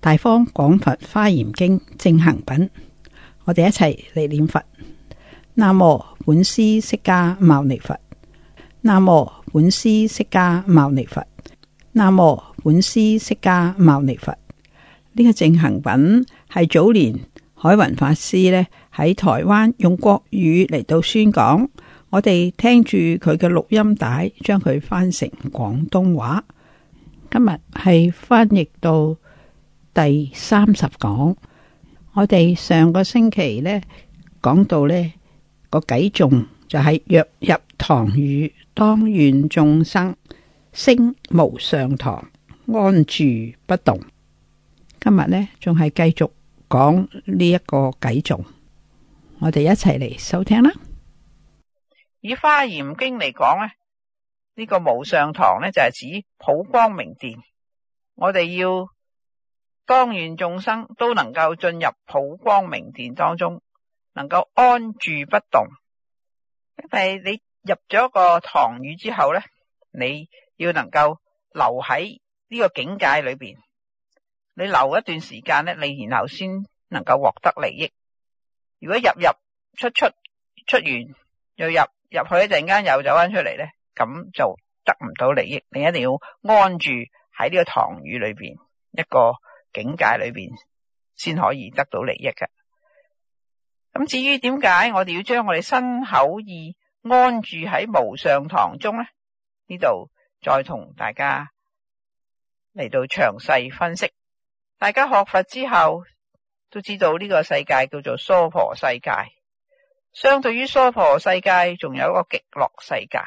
大方廣佛花嚴經正行品，我哋一齊嚟念佛。南無本師釋迦牟尼佛。南無本師釋迦牟尼佛。南無本師釋迦牟尼佛。呢個正行品係早年海雲法師咧喺台灣用國語嚟到宣講，我哋聽住佢嘅錄音帶，將佢翻成廣東話。今日係翻譯到。第三十講，我哋上個星期呢講到呢個偈頌就係若入堂宇，當願眾生，升無上堂，安住不動，今日呢，仲係繼續講呢一個偈頌，我哋一齊嚟收聽啦。以花嚴經講《花嚴經》嚟講咧，呢個無上堂呢，就係、是、指普光明殿，我哋要當願眾生都能夠進入普光明殿當中，能夠安住不動。因為你入咗一個堂宇之後咧，你要能夠留喺呢個境界裏邊，你留一段時間咧，你然後先能夠獲得利益。如果入入出出，出完又入，入去一陣間又走翻出嚟，咧，咁就得唔到利益。你一定要安住喺呢個堂宇裏邊一個。境界裏邊先可以得到利益噶。咁至於點解我哋要將我哋身口意安住喺無上堂中呢？呢度再同大家嚟到詳細分析。大家學佛之後都知道呢個世界叫做娑婆世界，相對於娑婆世界仲有一個極樂世界。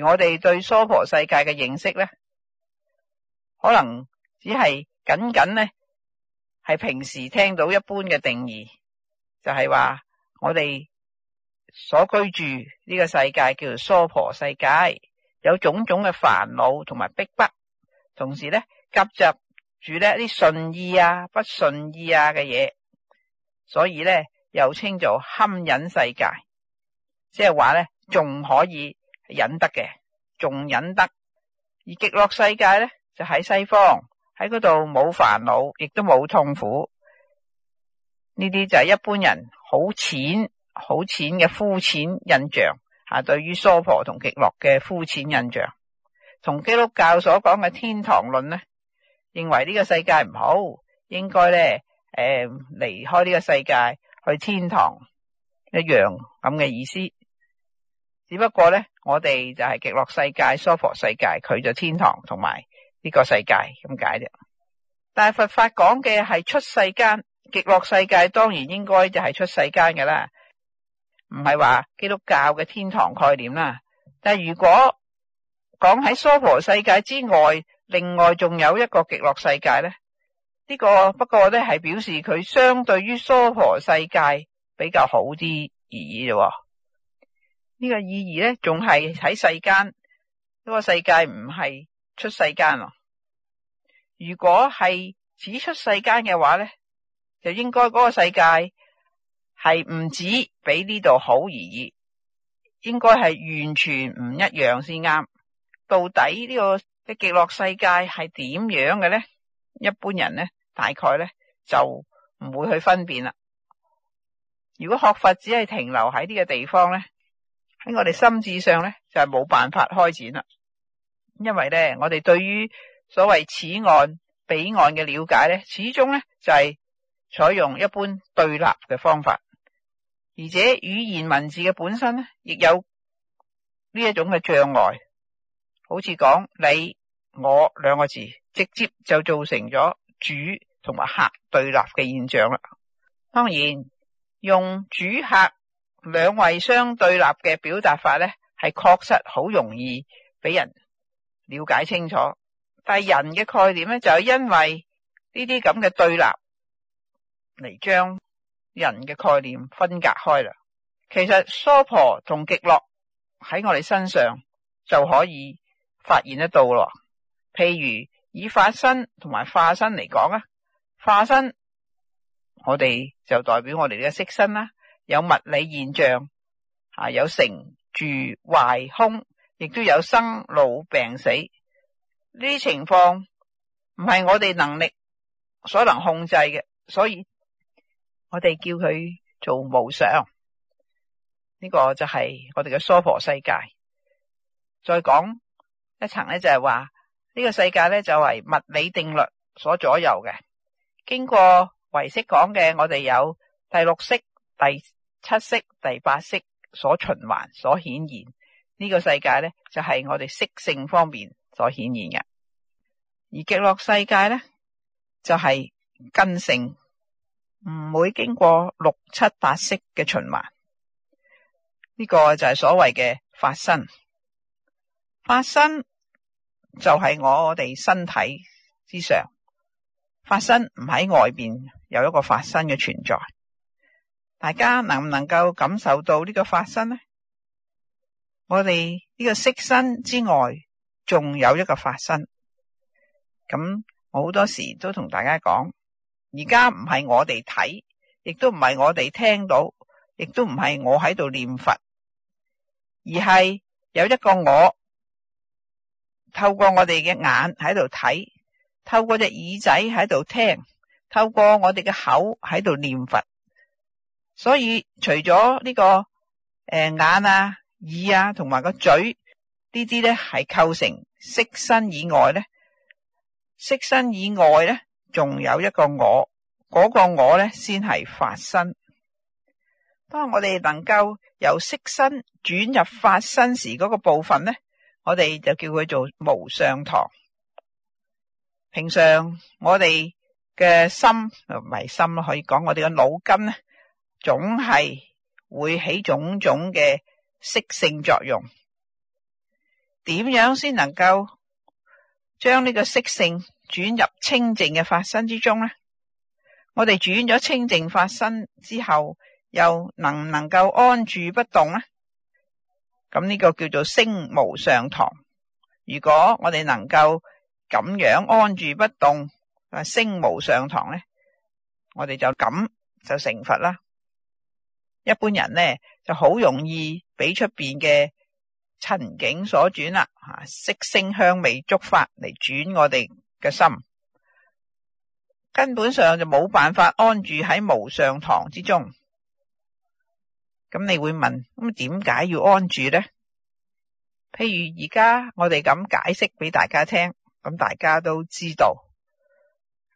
而我哋對娑婆世界嘅認識呢，可能。只係僅僅呢，係平時聽到一般嘅定義，就係話我哋所居住呢個世界叫做娑婆世界，有種種嘅煩惱同埋逼迫，同時咧夾雜住呢啲順意啊、不順意啊嘅嘢，所以咧又稱做堪忍世界，即係話咧仲可以忍得嘅，仲忍得，而極樂世界咧就喺西方。喺嗰度冇煩惱，亦都冇痛苦。呢啲就係一般人好淺、好淺嘅膚淺印象，吓對於娑婆同極樂嘅膚淺印象，同基督教所講嘅天堂論咧，認為呢個世界唔好，應該咧誒離開呢個世界去天堂，一樣咁嘅意思。只不過咧，我哋就係極樂世界、娑婆世界，佢就天堂同埋。呢個世界咁解啫，但係佛法講嘅係出世間極樂世界，當然應該就係出世間嘅啦，唔係話基督教嘅天堂概念啦。但係如果講喺娑婆世界之外，另外仲有一個極樂世界咧，呢個不過咧係表示佢相對於娑婆世界比較好啲而已啫。呢個意義咧，仲係喺世間呢個世界唔係出世間咯！如果係指出世間嘅話咧，就應該嗰個世界係唔止比呢度好而已，應該係完全唔一樣先啱。到底呢個嘅極樂世界係點樣嘅咧？一般人咧，大概咧就唔會去分辨啦。如果學法只係停留喺呢個地方咧，喺我哋心智上咧就係冇辦法開展啦。因為咧，我哋對於所謂此案彼案嘅了解咧，始終咧就係採用一般對立嘅方法，而且語言文字嘅本身咧亦有呢一種嘅障礙，好似講你我兩個字，直接就造成咗主同埋客對立嘅現象啦。當然用主客兩位相對立嘅表達法咧，係確實好容易俾人。了解清楚，但係人嘅概念咧，就係因為呢啲咁嘅對立嚟將人嘅概念分隔開啦。其實娑婆同極樂喺我哋身上就可以發現得到咯。譬如以法身同埋化身嚟講啊，化身我哋就代表我哋嘅色身啦，有物理現象啊，有成住壞空。亦都有生老病死呢啲情況，唔係我哋能力所能控制嘅，所以我哋叫佢做無常。呢、呢個就係我哋嘅娑婆世界。再講一層咧，就係話呢個世界咧就為物理定律所左右嘅。經過唯識講嘅，我哋有第六識、第七識、第八識所循環、所顯現。呢個世界咧，就係我哋色性方面所顯現嘅；而極樂世界咧，就係根性，唔會經過六七八識嘅循環。呢個就係所謂嘅法身。法身就係我哋身體之上，法身唔喺外邊有一個法身嘅存在。大家能唔能夠感受到呢個法身呢？我哋呢個色身之外，仲有一個法身。咁好多時都同大家講，而家唔係我哋睇，亦都唔係我哋聽到，亦都唔係我喺度念佛，而係有一個我透過我哋嘅眼喺度睇，透過隻耳仔喺度聽，透過我哋嘅口喺度念佛。所以除咗呢、這個誒、呃、眼啊～耳啊，同埋個嘴呢啲咧係構成色身以外咧。色身以外咧，仲有一個我，嗰、嗰個我咧先係法身。當我哋能夠由色身轉入法身時嗰個部分咧，我哋就叫佢做無上堂。平常我哋嘅心唔係心，可以講我哋嘅腦筋咧，總係會起種種嘅。色性作用，點樣先能夠將呢個色性轉入清淨嘅法身之中呢？我哋轉咗清淨法身之後，又能唔能夠安住不動呢？咁呢個叫做升無上堂。如果我哋能夠咁樣安住不動，啊升無上堂呢，我哋就咁就成佛啦。一般人呢就好容易俾出邊嘅情景所轉啦，色聲香味觸法嚟轉我哋嘅心，根本上就冇辦法安住喺無上堂之中。咁你會問，咁點解要安住呢？譬如而家我哋咁解釋俾大家聽，咁大家都知道，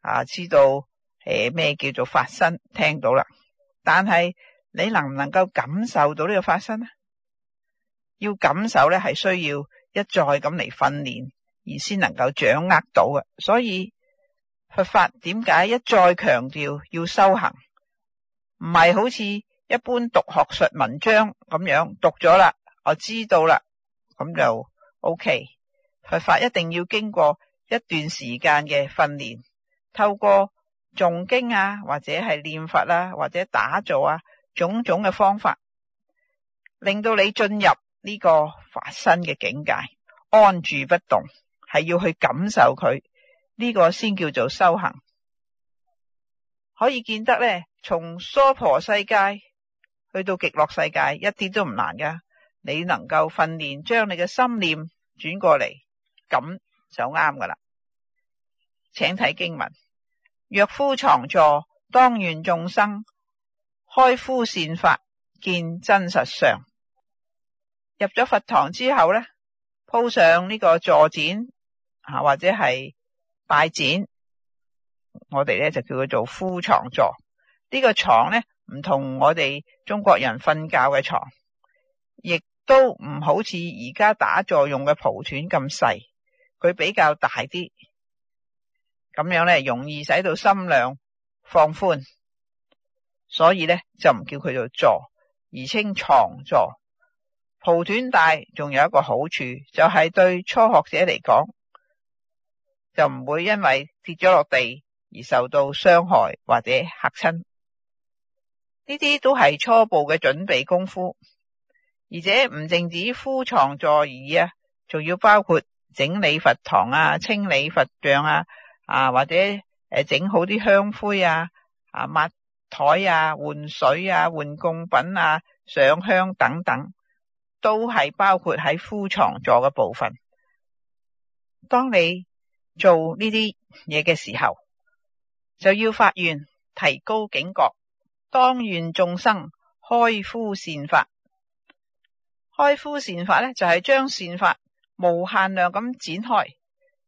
啊，知道誒咩，呃，叫做發生，聽到啦，但係。你能唔能夠感受到呢個發生呢？要感受咧，係需要一再咁嚟訓練，而先能夠掌握到嘅。所以佛法點解一再強調要修行，唔係好似一般讀學術文章咁樣讀咗啦，我知道啦，咁就 OK。佛法一定要經過一段時間嘅訓練，透過誦經啊，或者係念佛啊，或者打坐啊。種種嘅方法，令到你進入呢個法身嘅境界，安住不動，係要去感受佢呢、呢個先叫做修行。可以見得呢，從娑婆世界去到極樂世界，一啲都唔難噶。你能夠訓練將你嘅心念轉過嚟，咁就啱噶啦。請睇經文：若夫藏座，當願眾生。開敷善法，見真實相。入咗佛堂之後咧，鋪上呢個坐墊啊，或者係拜墊，我哋咧就叫佢做敷床座。呢、這個床咧唔同我哋中國人瞓覺嘅床，亦都唔好似而家打坐用嘅蒲團咁細，佢比較大啲，咁樣咧容易使到心量放寬。所以咧就唔叫佢做座，而稱床座。蒲短帶仲有一個好處，就係、是、對初學者嚟講，就唔會因為跌咗落地而受到傷害或者嚇親。呢啲都係初步嘅準備功夫，而且唔淨止鋪床座椅啊，仲要包括整理佛堂啊、清理佛像啊、啊或者誒、啊、整好啲香灰啊、啊抹。台啊，換水啊，換供品啊，上香等等，都係包括喺敷床座嘅部分。當你做呢啲嘢嘅時候，就要發願提高警覺，當願眾生開敷善法。開敷善法呢就係、是、將善法無限量咁展開，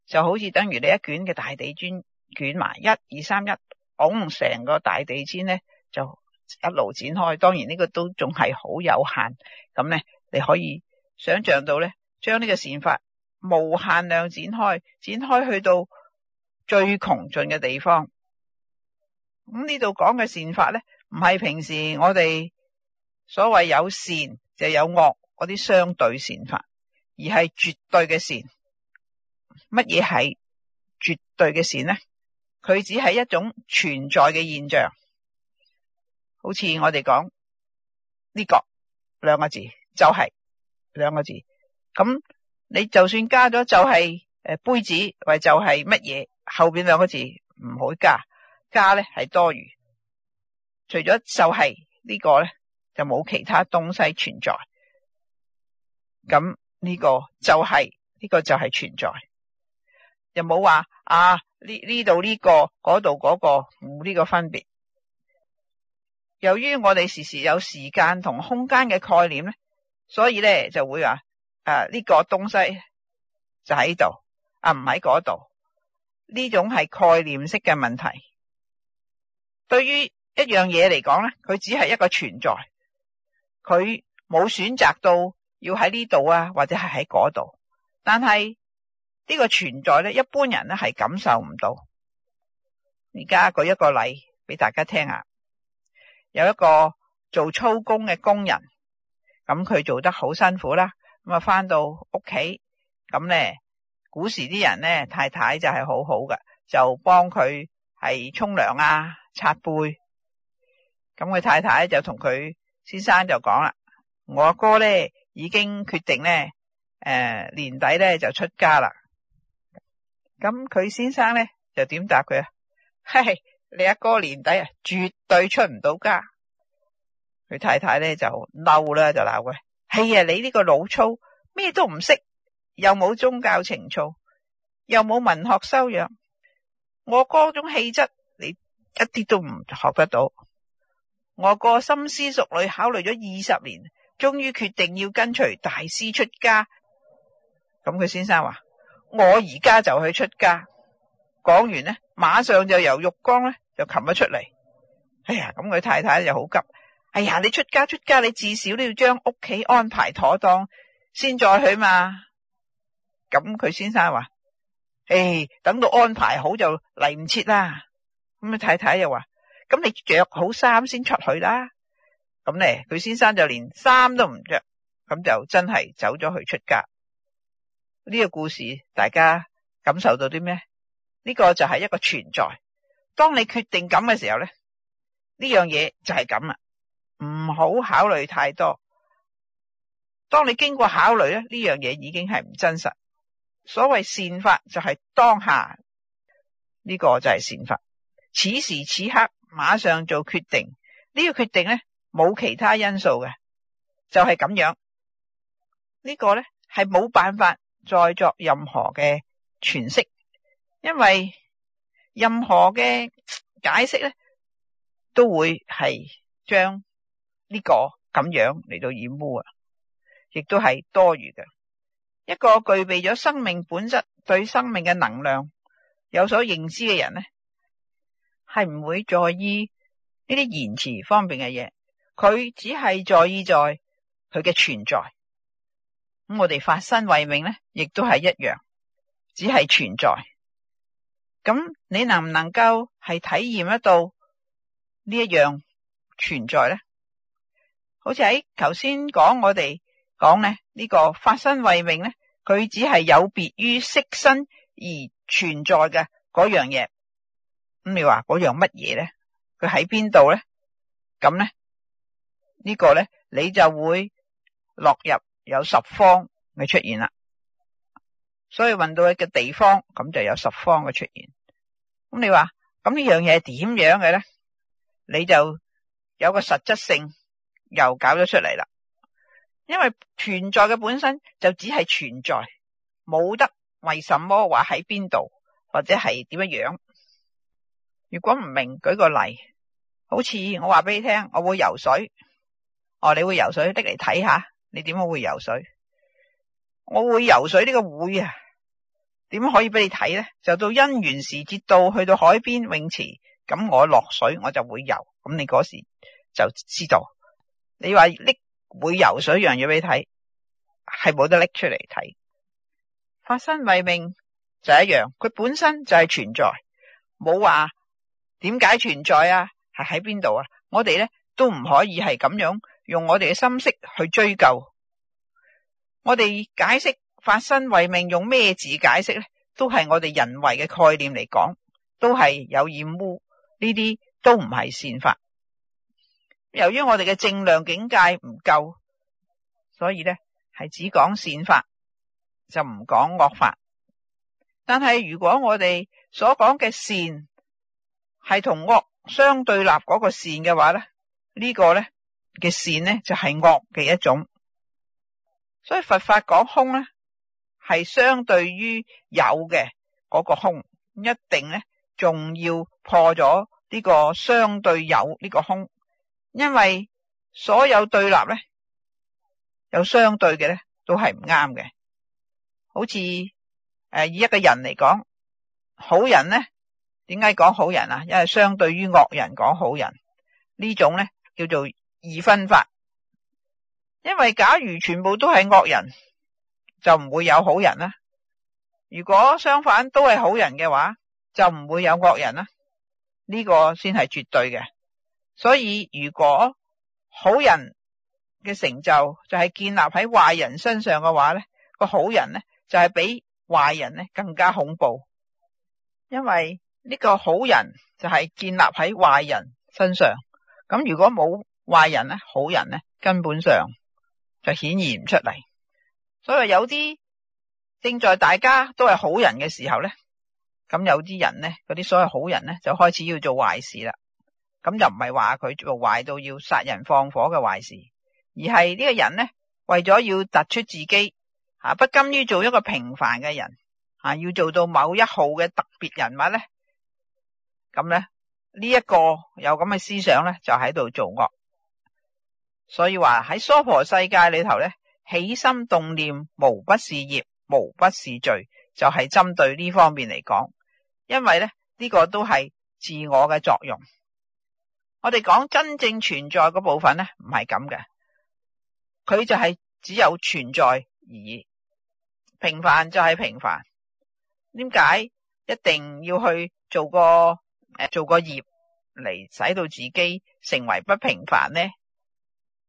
就好似等於你一卷嘅大地磚捲埋，一二三一。講成個大地氈咧，就一路展開。當然呢個都仲係好有限。咁咧，你可以想象到咧，將呢個善法無限量展開，展開去到最窮盡嘅地方。咁呢度講嘅善法咧，唔係平時我哋所謂有善就有惡嗰啲相對善法，而係絕對嘅善。乜嘢係絕對嘅善呢？佢只係一種存在嘅現象，好似我哋講呢個兩個字就係兩個字，咁、就是、你就算加咗就係誒杯子，或者就係乜嘢，後邊兩個字唔好加，加咧係多餘。除咗就係、是這個、呢個咧，就冇其他東西存在。咁呢個就係、是、呢、這個就係存在，又冇話啊。呢呢度呢個，嗰度嗰個冇呢個分別。由於我哋時時有時間同空間嘅概念咧，所以咧就會話，誒呢個東西就喺度，啊唔喺嗰度。呢種係概念式嘅問題。對於一樣嘢嚟講咧，佢只係一個存在，佢冇選擇到要喺呢度啊，或者係喺嗰度，但係。呢個存在咧，一般人咧係感受唔到。而家舉一個例俾大家聽下，有一個做粗工嘅工人，咁佢做得好辛苦啦。咁啊，翻到屋企咁咧，古時啲人咧太太就係好好噶就幫佢係沖涼啊、擦背。咁佢太太就同佢先生就講啦：我阿哥咧已經決定咧，誒年底咧就出家啦。咁佢先生咧就點答佢啊？嘿，嘿，你阿哥年底啊絕對出唔到家。佢太太咧就嬲啦，就鬧佢：，係啊，哎、呀你呢個老粗，咩都唔識，又冇宗教情操，又冇文學修養，我嗰種氣質你一啲都唔學得到。我個深思熟慮考慮咗二十年，終於決定要跟隨大師出家。咁佢先生話。我而家就去出家。講完呢，馬上就由浴缸呢就擒咗出嚟。哎呀，咁佢太太就好急哎呀，你出家出家，你至少都要將屋企安排妥當先再去嘛。咁佢先生話：，唉，等到安排好就嚟唔切啦。咁啊，太太又話：，咁你着好衫先出去啦。咁呢，佢先生就連衫都唔着，咁就真係走咗去出家。呢個故事，大家感受到啲咩？呢個就係一個存在。當你決定咁嘅時候咧，呢樣嘢就係咁啦。唔好考慮太多。當你經過考慮咧，呢樣嘢已經係唔真實。所謂善法就係當下，呢個就係善法。此時此刻，馬上做決定。呢個決定咧，冇其他因素嘅，就係咁樣。呢個咧係冇辦法。再作任何嘅詮釋，因為任何嘅解釋咧，都會係將呢個咁樣嚟到掩污啊，亦都係多餘嘅。一個具備咗生命本質、對生命嘅能量有所認知嘅人咧，係唔會在意呢啲言辭方面嘅嘢，佢只係在意在佢嘅存在。咁我哋發身慧命咧，亦都係一樣，只係存在。咁你能唔能夠係體驗得到呢一樣存在咧？好似喺頭先講我哋講咧呢個發身慧命咧，佢只係有別於色身而存在嘅嗰樣嘢。咁你話嗰樣乜嘢咧？佢喺邊度咧？咁咧呢個咧，你就會落入。有十方嘅出現啦，所以運到一個地方，咁就有十方嘅出現。咁你話咁呢樣嘢係點樣嘅咧？你就有個實質性又搞咗出嚟啦。因為存在嘅本身就只係存在，冇得為什麼話喺邊度或者係點樣樣。如果唔明，舉個例，好似我話俾你聽，我會游水，哦，你會游水，拎嚟睇下。你點解會游水？我會游水呢個會啊？點可以俾你睇呢？就到因緣時節到，去到海邊泳池，咁我落水我就會游，咁你嗰時就知道。你話拎會游水樣嘢俾你睇，係冇得拎出嚟睇。法身慧命就一樣，佢本身就係存在，冇話點解存在啊？係喺邊度啊？我哋咧都唔可以係咁樣。用我哋嘅心識去追究，我哋解釋法身慧命用咩字解釋咧？都係我哋人為嘅概念嚟講，都係有染污。呢啲都唔係善法。由於我哋嘅正量境界唔夠，所以咧係只講善法，就唔講惡法。但係如果我哋所講嘅善係同惡相對立嗰個善嘅話咧，這個、呢個咧。嘅善呢，就係、是、惡嘅一種，所以佛法講空呢，係相對於有嘅嗰、那個空，一定呢仲，要破咗呢個相對有呢個空，因為所有對立呢，有相對嘅呢，都係唔啱嘅。好似誒、呃、以一個人嚟講，好人呢，點解講好人啊？因為相對於惡人講好人呢種呢，叫做。二分法，因為假如全部都係惡人，就唔會有好人啦。如果相反都係好人嘅話，就唔會有惡人啦。呢個先係絕對嘅。所以如果好人嘅成就就係建立喺壞人身上嘅話咧，個好人咧就係比壞人咧更加恐怖，因為呢個好人就係建立喺壞人身上。咁如果冇，壞人咧，好人咧，根本上就顯現唔出嚟。所以有啲正在大家都係好人嘅時候咧，咁有啲人咧，嗰啲所謂好人咧，就開始要做壞事。啦咁就唔係話佢做壞到要殺人放火嘅壞事，而係呢個人咧，為咗要突出自己，不甘於做一個平凡嘅人，要做到某一號嘅特別人物咧。咁咧呢一個有咁嘅思想咧，就喺度做惡。所以話喺娑婆世界裏頭咧，起心動念無不是業，無不是罪，就係針對呢方面嚟講。因為咧呢個都係自我嘅作用。我哋講真正存在嘅部分咧，唔係咁嘅，佢就係只有存在而已，平凡就係平凡。點解一定要去做個誒，做個業嚟使到自己成為不平凡呢？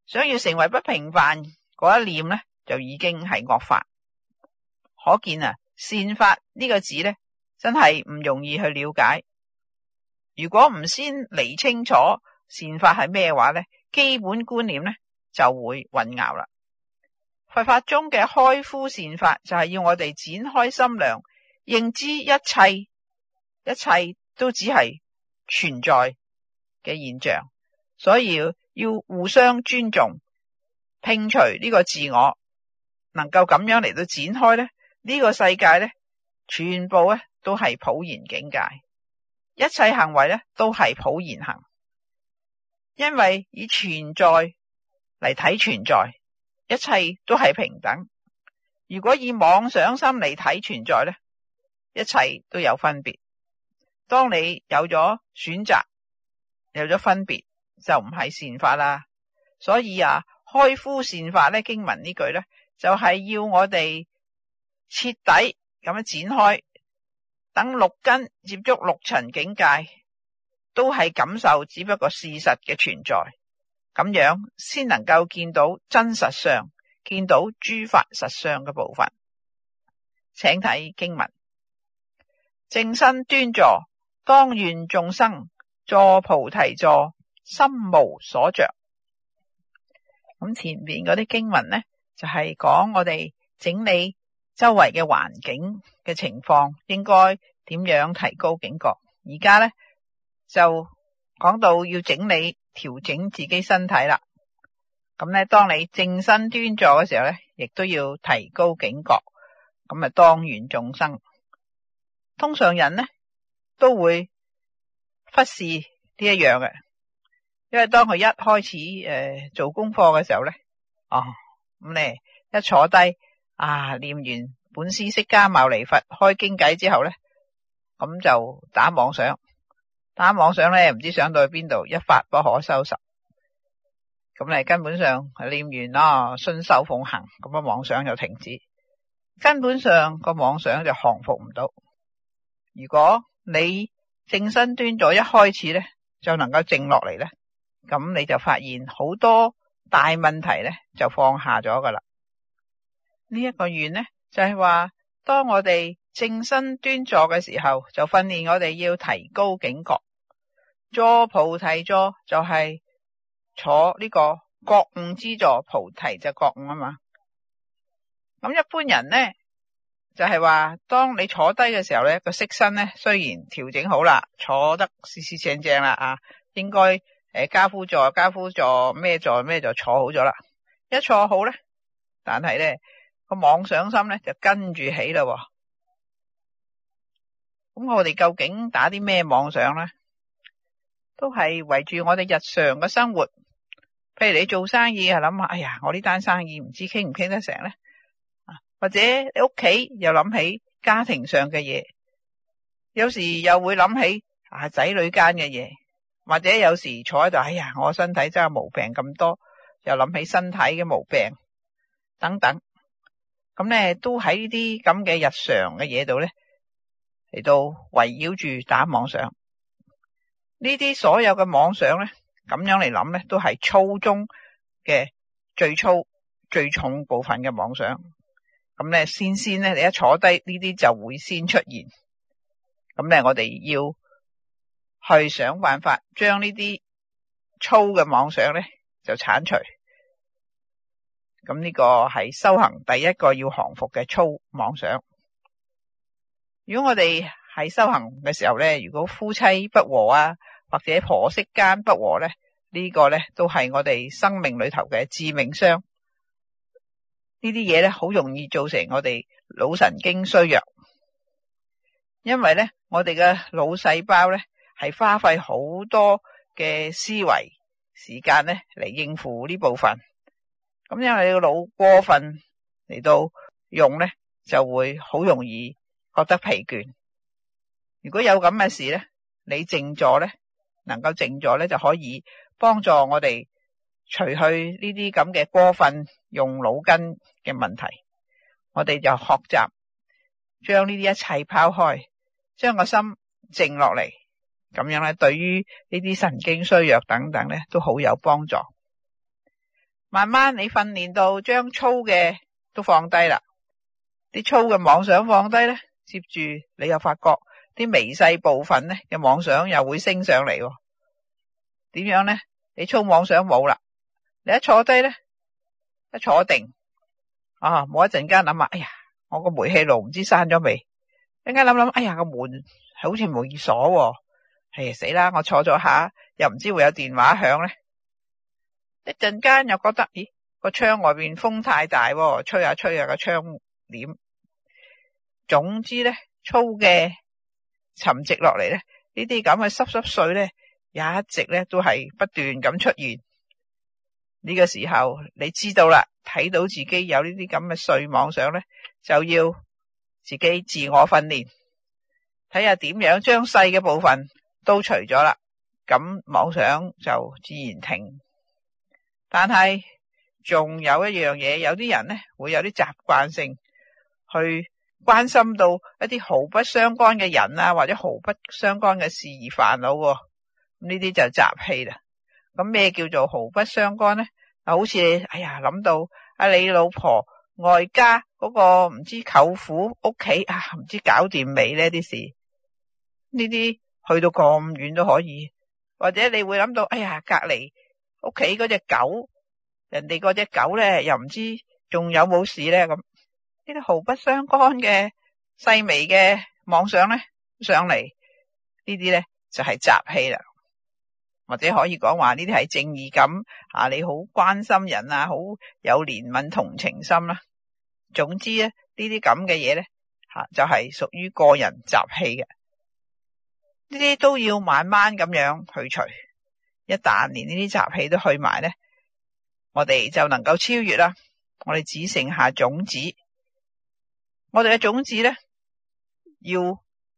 想要成為不平凡嗰一念呢，就已經係惡法。可見啊，善法呢個字呢，真係唔容易去了解。如果唔先理清楚善法係咩話呢，基本觀念呢就會混淆啦。佛法中嘅開敷善法，就係要我哋展開心量，認知一切，一切都只係存在嘅現象，所以。要互相尊重，摒除呢個自我，能夠咁樣嚟到展開咧，呢、呢個世界咧，全部咧都係普賢境界，一切行為咧都係普賢行，因為以存在嚟睇存在，一切都係平等。如果以妄想心嚟睇存在咧，一切都有分別。當你有咗選擇，有咗分別。就唔係善法啦，所以啊，開敷善法咧，經文呢句咧，就係要我哋徹底咁樣展開，等六根接觸六塵境界，都係感受，只不過事實嘅存在咁樣，先能夠見到真實相，見到諸法實相嘅部分。請睇經文：正身端坐，當願眾生坐菩提座。心無所着。咁前面嗰啲經文呢，就係講我哋整理周圍嘅環境嘅情況，應該點樣提高警覺。而家呢，就講到要整理調整自己身體啦。咁呢，當你正身端坐嘅時候呢，亦都要提高警覺。咁啊，當然，眾生，通常人呢，都會忽視呢一樣嘅。因為當佢一開始誒、呃、做功課嘅時候咧，哦，咁咧一坐低啊，念完本師釋迦牟尼佛開經偈之後咧，咁、嗯、就打妄想，打妄想咧，唔知道想到去邊度，一發不可收拾。咁、嗯、你、嗯、根本上係念完啦，哦，信受奉行，咁啊，妄想就停止，根本上個妄想就降服唔到。如果你正身端咗，一開始咧就能夠靜落嚟咧。咁你就發現好多大問題咧，就放下咗噶啦。這個，呢一個願咧，就係、是、話當我哋正身端坐嘅時候，就訓練我哋要提高警覺。坐菩提座就係坐呢個覺悟之座，菩提就覺悟啊嘛。咁一般人咧就係、是、話，當你坐低嘅時候咧個色身咧，雖然調整好啦，坐得四四正正啦啊，應該。誒，家夫座、家夫座咩座咩座坐好咗啦，一坐好咧，但係咧個妄想心咧就跟住起喎。咁我哋究竟打啲咩妄想咧？都係圍住我哋日常嘅生活，譬如你做生意啊，諗下，哎呀，我呢單生意唔知傾唔傾得成咧，啊，或者你屋企又諗起家庭上嘅嘢，有時又會諗起啊仔女間嘅嘢。或者有時坐喺度，哎呀，我身體真係毛病咁多，又諗起身體嘅毛病等等，咁咧都喺呢啲咁嘅日常嘅嘢度咧嚟到圍繞住打妄想。呢啲所有嘅妄想咧，咁樣嚟諗咧，都係粗中嘅最粗最重部分嘅妄想。咁咧先先咧，你一坐低呢啲就會先出現。咁咧我哋要，去想辦法將呢啲粗嘅妄想咧就鏟除。咁呢個係修行第一個要降服嘅粗妄想。如果我哋喺修行嘅時候咧，如果夫妻不和啊，或者婆媳間不和咧，呢個咧都係我哋生命裏頭嘅致命傷。呢啲嘢咧好容易造成我哋腦神經衰弱，因為咧我哋嘅腦細胞咧。係花費好多嘅思維時間呢，嚟應付呢部分。咁因為你個腦過份嚟到用呢，就會好容易覺得疲倦。如果有咁嘅事呢，你靜咗呢，能夠靜咗呢，就可以幫助我哋除去呢啲咁嘅過份用腦筋嘅問題。我哋就學習將呢啲一切拋開，將個心靜落嚟。咁樣咧，對於呢啲神經衰弱等等咧，都好有幫助。慢慢你訓練到將粗嘅都放低啦，啲粗嘅妄想放低咧，接住你又發覺啲微細部分咧嘅妄想又會升上嚟。點樣咧？你粗妄想冇啦，你一坐低咧，一坐定啊，冇一陣間諗啊，哎呀，我個煤氣爐唔知閂咗未？一陣間諗諗，哎呀，個門好似冇鎖喎。.係死啦！我坐咗下，又唔知會有電話響咧。一陣間又覺得，咦，個窗外邊風太大，吹下吹下個窗簾。總之咧，粗嘅沉積落嚟咧，這這濕濕呢啲咁嘅濕濕碎咧，也一直咧都係不斷咁出現。呢、這個時候你知道啦，睇到自己有呢啲咁嘅碎妄想咧，就要自己自我訓練，睇下點樣將細嘅部分。都除咗啦，咁妄想就自然停。但係仲有一樣嘢，有啲人呢會有啲習慣性去關心到一啲毫不相干嘅人啊，或者毫不相干嘅事而煩惱啊。咁呢啲就雜氣啦。咁咩叫做毫不相干呢？好似哎呀諗到啊，你老婆外家嗰個唔知舅父屋企啊，唔知搞掂未呢啲事，呢啲。去到咁遠都可以，或者你會諗到，哎呀，隔離屋企嗰隻狗，人哋嗰隻狗咧又唔知仲有冇事咧咁，呢啲毫不相干嘅細微嘅妄想咧上嚟，呢啲咧就係雜氣啦，或者可以講話呢啲係正義感啊，你好關心人啊，好有憐憫同情心啦，總之咧呢啲咁嘅嘢咧吓就係屬於個人雜氣嘅。呢啲都要慢慢咁樣去除。一旦連呢啲雜氣都去埋咧，我哋就能夠超越啦。我哋只剩下種子。我哋嘅種子咧，要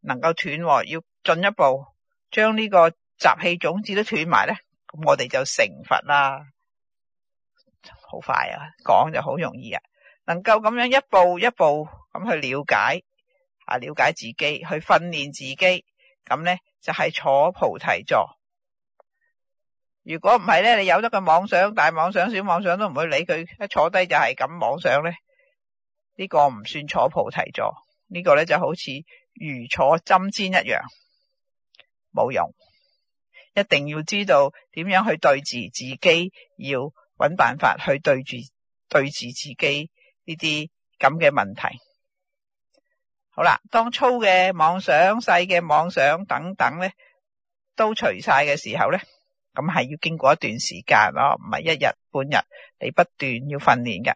能夠斷，要進一步將呢個雜氣種子都斷埋咧，咁我哋就成佛啦。好快啊，講就好容易啊，能夠咁樣一步一步咁去了解啊，了解自己，去訓練自己。咁咧就係、是、坐菩提座。如果唔係咧，你有得個妄想，大妄想、小妄想都唔會理佢。一坐低就係咁妄想咧，呢、這個唔算坐菩提座。呢、這個咧就好似如坐針氈一樣，冇用。一定要知道點樣去對治自己，要揾辦法去對住對治自己呢啲咁嘅問題。好啦，當粗嘅妄想、細嘅妄想等等咧，都除晒嘅時候咧，咁係要經過一段時間囉，唔係一日半日，你不斷要訓練嘅。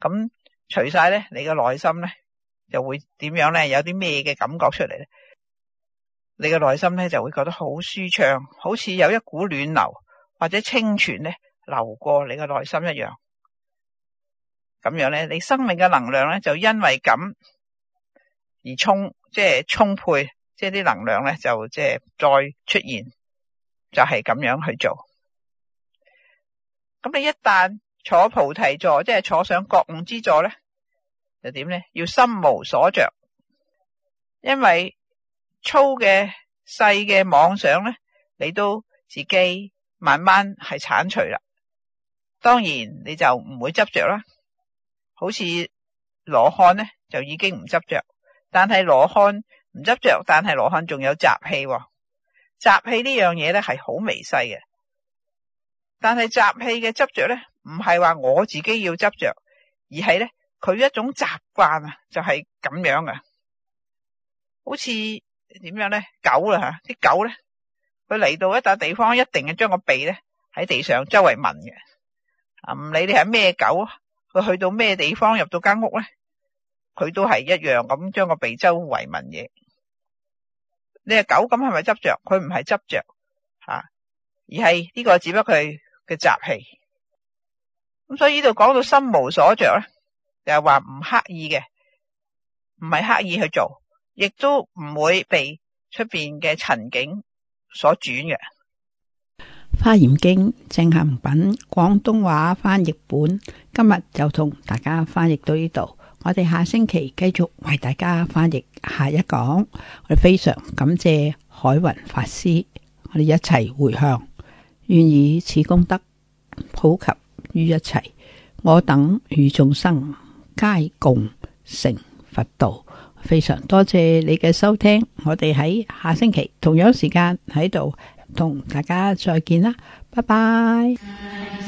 咁除晒咧，你個內心咧就會點樣咧？有啲咩嘅感覺出嚟咧？你個內心咧就會覺得好舒暢，好似有一股暖流或者清泉咧流過你個內心一樣。咁樣咧，你生命嘅能量咧就因為咁。而充即係、就是、充沛，即係啲能量咧就即、是、係再出現，就係、是、咁樣去做。咁你一旦坐菩提座，即、就、係、是、坐上覺悟之座咧，就點咧？要心無所着，因為粗嘅、細嘅妄想咧，你都自己慢慢係鏟除啦。當然你就唔會執着啦，好似羅漢咧就已經唔執着。但係羅漢唔執着，但係羅漢仲有習氣喎，習氣呢樣嘢咧係好微細嘅。但係習氣嘅執着咧，唔係話我自己要執着，而係咧佢一種習慣啊，就係咁樣啊。好似點樣咧？狗啦吓，啲狗咧，佢嚟到一笪地方，一定係將個鼻咧喺地上周圍聞嘅。啊，唔理你係咩狗，佢去到咩地方，入到間屋咧。佢都係一樣咁將個鼻周圍聞嘢。你隻狗咁係咪執着？佢唔係執着，吓、啊，而係呢個只不過佢嘅習氣。咁所以呢度講到心無所着咧，就係話唔刻意嘅，唔係刻意去做，亦都唔會被出邊嘅情景所轉嘅。《華嚴經》淨行品廣東話翻譯本，今日就同大家翻譯到呢度。我哋下星期繼續為大家翻譯下一講，我非常感謝海雲法師，我哋一齊回向，願以此功德普及於一切，我等與眾生皆共成佛道。非常多謝你嘅收聽，我哋喺下星期同樣時間喺度同大家再見啦，拜拜。